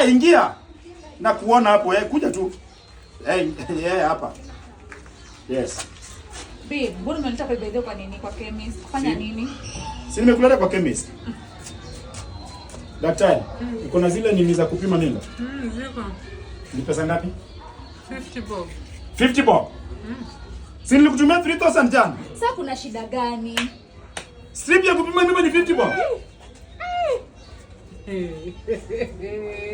hey, ingia na kuona hapo hey, kuja tu hey, hey, hapa yes. Babe, mbona umenileta kwa ibadhi kwa nini? Kwa chemist. Kufanya si nini? Si nimekuleta kwa chemist. Daktari, mm. kuna zile nini za kupima nini? Mm, ziko. Ni pesa ngapi? 50 bob. 50 bob. Mm. Si nilikutumia 3000 jana. Sasa kuna shida gani? Strip ya kupima nini ni 50 bob. Mm.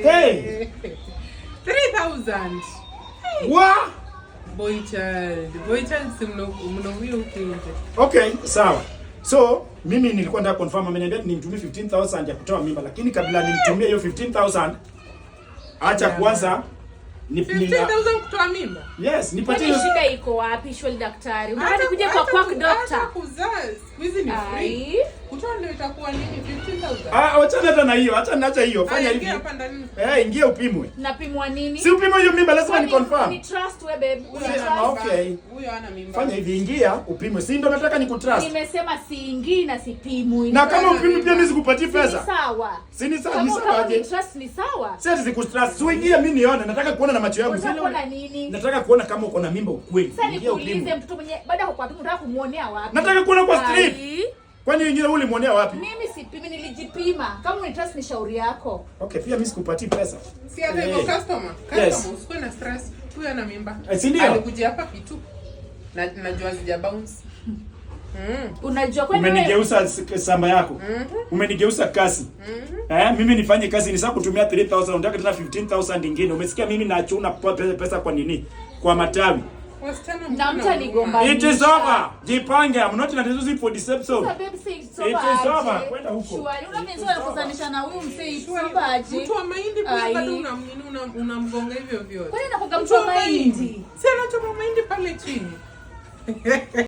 Hey. thousand. Hey. What? Boy child. Boy child si mno huyo ukinje. Okay, sawa. So, mimi nilikuwa nataka confirm ameniambia nimtumie 15000 ya kutoa mimba lakini kabla nimtumie hiyo 15000 acha kwanza kutoa mimba? Yes, nipatie. Yaani shida iko wapi shwali daktari? Unataka kuja kwa kwako daktari. Siku hizi ni free ndio itakuwa nini 15000? Ah, achana hata na hiyo, acha naacha hiyo. Ah, fanya hivi. Eh, ingia upimwe. Napimwa nini? Si upimwe hiyo mimba, lazima ni confirm. Ni trust wewe babe. Okay. Huyo hana mimba. Fanya hivi, ingia upimwe. Si ndio nataka ni kutrust. Nimesema siingii na sipimwi. Na kama upimwi pia mimi sikupatii pesa. Si sawa. Si ni sawa, ni sawa aje. Trust ni sawa. Sasa sikutrust. Si ingia mimi nione, nataka kuona na macho yangu. Nataka nini? Nataka kuona kama uko na mimba ukweli. Sasa nikuulize mtoto mwenyewe baada ya kukupima nataka kumuonea wapi? Nataka kuona kwa strip. Kwani wengine wewe ulimwonea wapi? Mimi sipimi, nilijipima. Kama unitrust ni shauri yako. Okay, pia mimi sikupatii pesa. Si hata hivyo eh. customer. Customer usikuwe na stress. Huyo ana mimba. Eh, si ndio? Alikuja hapa kitu. Na najua zija bounce. Mm. Unajua kwani umenigeuza samba yako. Mm -hmm. Umenigeuza kasi. Mm -hmm. Eh, mimi nifanye kasi ni saa kutumia 3000 unataka tena 15000 nyingine. Umesikia mimi nachuna pesa kwa nini? Kwa matawi. It is over. Jipange. I'm not in a relationship for deception. It is over. Kwenda huko.